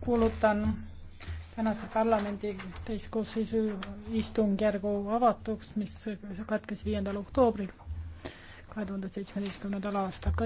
kuulutan tänase parlamendi täiskoosseisu istungjärgu avatuks mis katkes 5 oktoobril 2017 aastal.